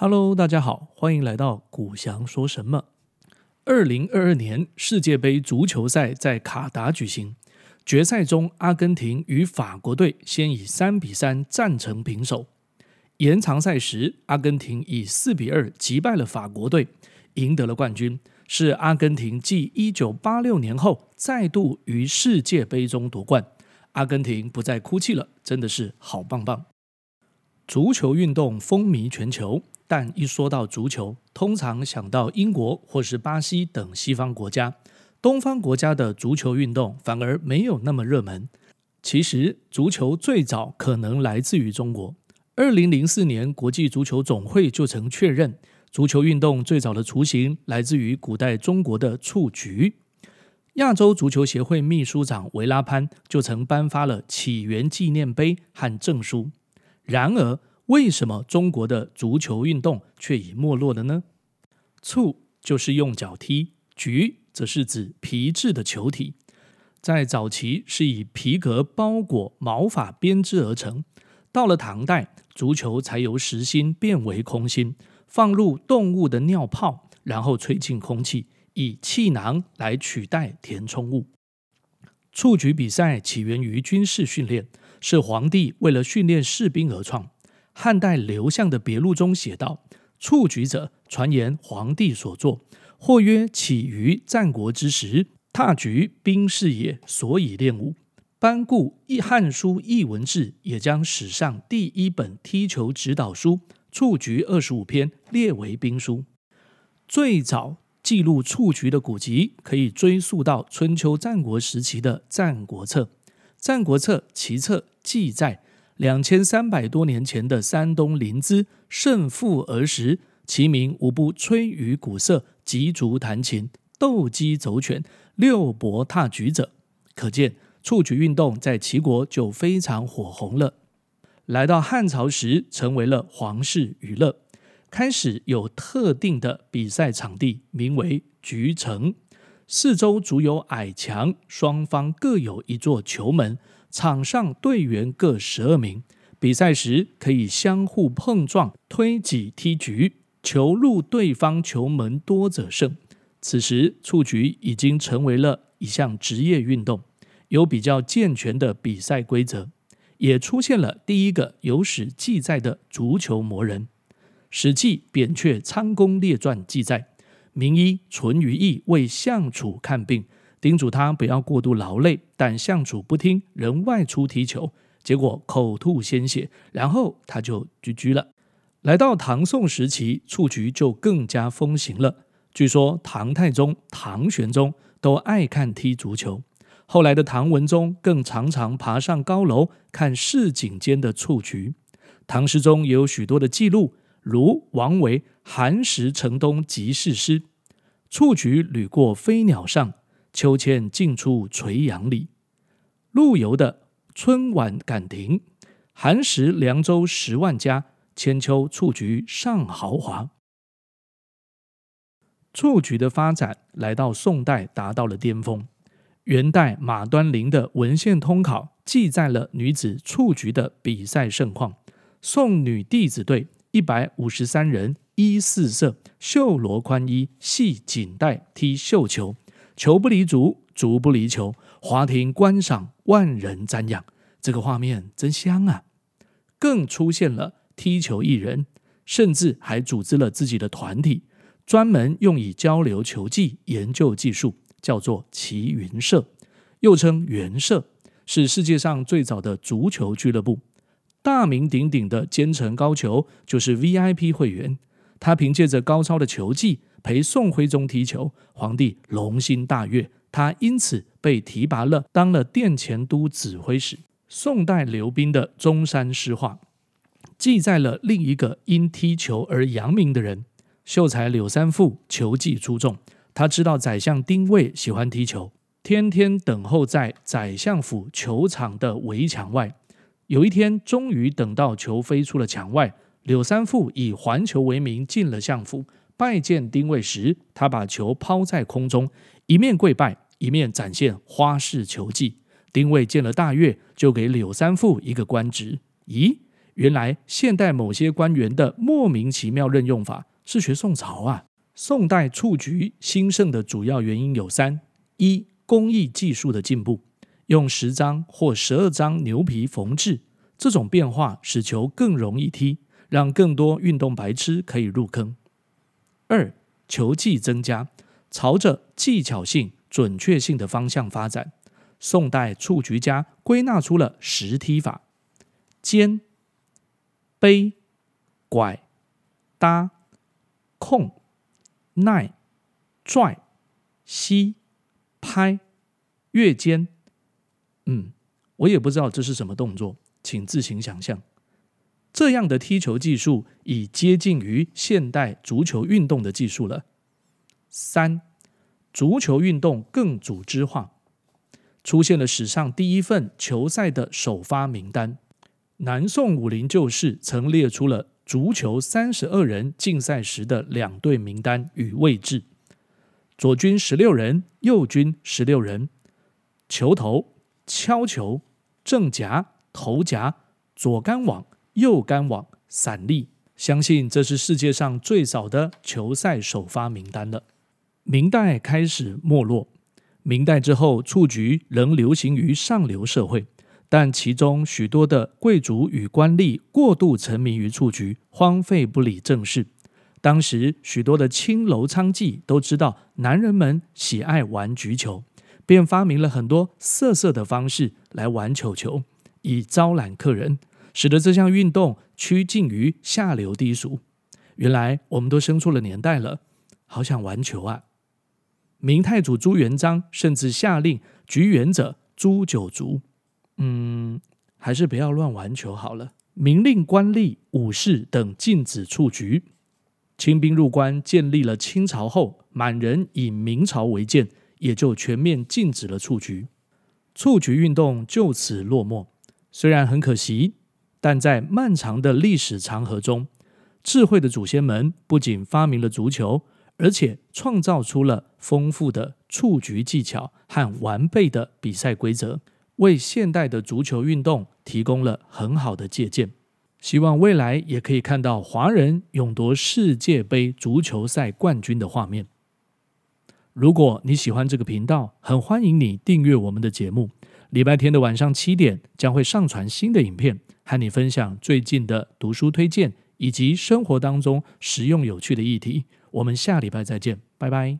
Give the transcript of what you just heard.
Hello，大家好，歡迎來到古祥說什麼。二零二二年世界盃足球賽在卡達舉行，決賽中阿根廷與法國隊先以三比三戰成平手，延長賽時阿根廷以四比二擊敗了法國隊，贏得了冠軍，是阿根廷繼一九八六年後再度於世界盃中奪冠。阿根廷不再哭泣了，真的是好棒棒！足球運動風靡全球。但一說到足球，通常想到英國或是巴西等西方國家，東方國家的足球運動反而沒有那麼熱門。其實，足球最早可能來自於中國。二零零四年，國際足球總會就曾確認，足球運動最早的雛形來自於古代中國的蹴鞠。亞洲足球協會秘書長維拉潘就曾頒發了起源紀念碑和證書。然而，為什麼中國的足球運動卻已沒落了呢？蹴就是用腳踢，鞠則是指皮質的球體。在早期是以皮革包裹毛髮編織而成，到了唐代，足球才由實心變為空心，放入動物的尿泡，然後吹進空氣，以氣囊來取代填充物。蹴鞠比賽起源於軍事訓練，是皇帝為了訓練士兵而創。漢代劉向的《別錄》中寫道：“蹴鞠者，傳言黃帝所作，或曰起於戰國之時。踏鞠兵士也，所以練武。”班固《漢書藝文志》也將史上第一本踢球指導書《蹴鞠二十五篇》列為兵書。最早記錄蹴鞠的古籍可以追溯到春秋戰國時期的戰國《戰國策》。《戰國策》齊策記載。兩千三百多年前的山東臨淄，甚富而實，其民無不吹竽鼓瑟、擊築彈琴、鬥雞走犬、六博蹋鞠者。可見蹴鞠運動在齊國就非常火紅了。來到漢朝時，成為了皇室娛樂，開始有特定的比賽場地，名為“鞠城”，四周築有矮牆，雙方各有一座球門。場上隊員各十二名，比賽時可以相互碰撞、推擠、踢球，球入對方球門多者勝。此時蹴鞠已經成為了一項職業運動，有比較健全的比賽規則，也出現了第一個有史記載的足球魔人。《史記·扁鵲倉公列傳》記載，名醫淳於意為項處看病。叮囑他不要過度勞累，但相楚不聽，仍外出踢球，結果口吐鮮血，然後他就 GG 了。來到唐宋時期，蹴鞠就更加風行了。據說唐太宗、唐玄宗都愛看踢足球，後來的唐文宗更常常爬上高樓看市井間的蹴鞠。唐詩中也有許多的記錄，如王維《寒食城東即事》詩：“蹴鞠屢過飛鳥上。”秋千盡處垂楊裡，陸游的《春晚感亭》：“寒食涼州十萬家，千秋蹴鞠尚豪華。”蹴鞠的發展來到宋代達到了巔峰。元代馬端臨的《文獻通考》記載了女子蹴鞠的比賽盛況：宋女弟子隊一百五十三人，衣四色，繡羅寬衣，繫錦帶，踢繡球。球不離足，足不離球，華庭觀賞萬人瞻仰，這個畫面真香啊！更出現了踢球藝人，甚至還組織了自己的團體，專門用以交流球技、研究技術，叫做“齊雲社”，又稱“圓社”，是世界上最早的足球俱樂部。大名鼎鼎的奸臣高俅就是 VIP 會員，他憑借着高超的球技。陪宋徽宗踢球，皇帝龍心大悅，他因此被提拔了，當了殿前都指揮使。宋代劉斌的《中山詩話》記載了另一個因踢球而揚名的人——秀才柳三復。球技出眾。他知道宰相丁謂喜歡踢球，天天等候在宰相府球場的圍牆外。有一天，終於等到球飛出了牆外，柳三復以環球為名進了相府。拜見丁謂時，他把球拋在空中，一面跪拜，一面展現花式球技。丁謂見了大悅，就給柳三復一個官職。咦，原來現代某些官員的莫名其妙任用法是學宋朝啊！宋代蹴鞠興盛的主要原因有三：一、工藝技術的進步，用十張或十二張牛皮縫制，這種變化使球更容易踢，讓更多運動白痴可以入坑。二，球技增加，朝着技巧性、準確性的方向發展。宋代蹴鞠家歸納出了十踢法：肩、背、拐、搭、控、耐、拽、吸、拍、躍肩。嗯，我也不知道這是什麼動作，請自行想象。這樣的踢球技術已接近於現代足球運動的技術了。三、足球運動更組織化，出現了史上第一份球賽的首發名單。南宋《武林舊事》曾列出了足球三十二人競賽時的兩隊名單與位置：左軍十六人，右軍十六人。球頭、敲球、正夾、頭夾、左桿網、右竿網、散立，相信這是世界上最早的球賽首發名單了。明代開始沒落，明代之後，蹴鞠仍流行於上流社會，但其中許多的貴族與官吏過度沉迷於蹴鞠，荒廢不理政事。當時許多的青樓娼妓都知道男人們喜愛玩鞠球，便發明了很多色色的方式來玩球球，以招攬客人。使得這項運動趨近於下流低俗。原來我們都生錯了年代了，好想玩球啊！明太祖朱元璋甚至下令局員者誅九族。嗯，還是不要亂玩球好了。明令官吏、武士等禁止蹴鞠。清兵入關，建立了清朝後，滿人以明朝為鑑，也就全面禁止了蹴鞠。蹴鞠運動就此落幕。雖然很可惜，但在漫長的歷史長河中，智慧的祖先們不僅發明了足球，而且創造出了豐富的蹴鞠技巧和完備的比賽規則，為現代的足球運動提供了很好的借鑑。希望未來也可以看到華人勇奪世界杯足球賽冠軍的畫面。如果你喜歡這個頻道，很歡迎你訂閱我們的節目。禮拜天的晚上七點將會上傳新的影片，和你分享最近的讀書推薦以及生活當中實用有趣的議題。我們下禮拜再見，拜拜。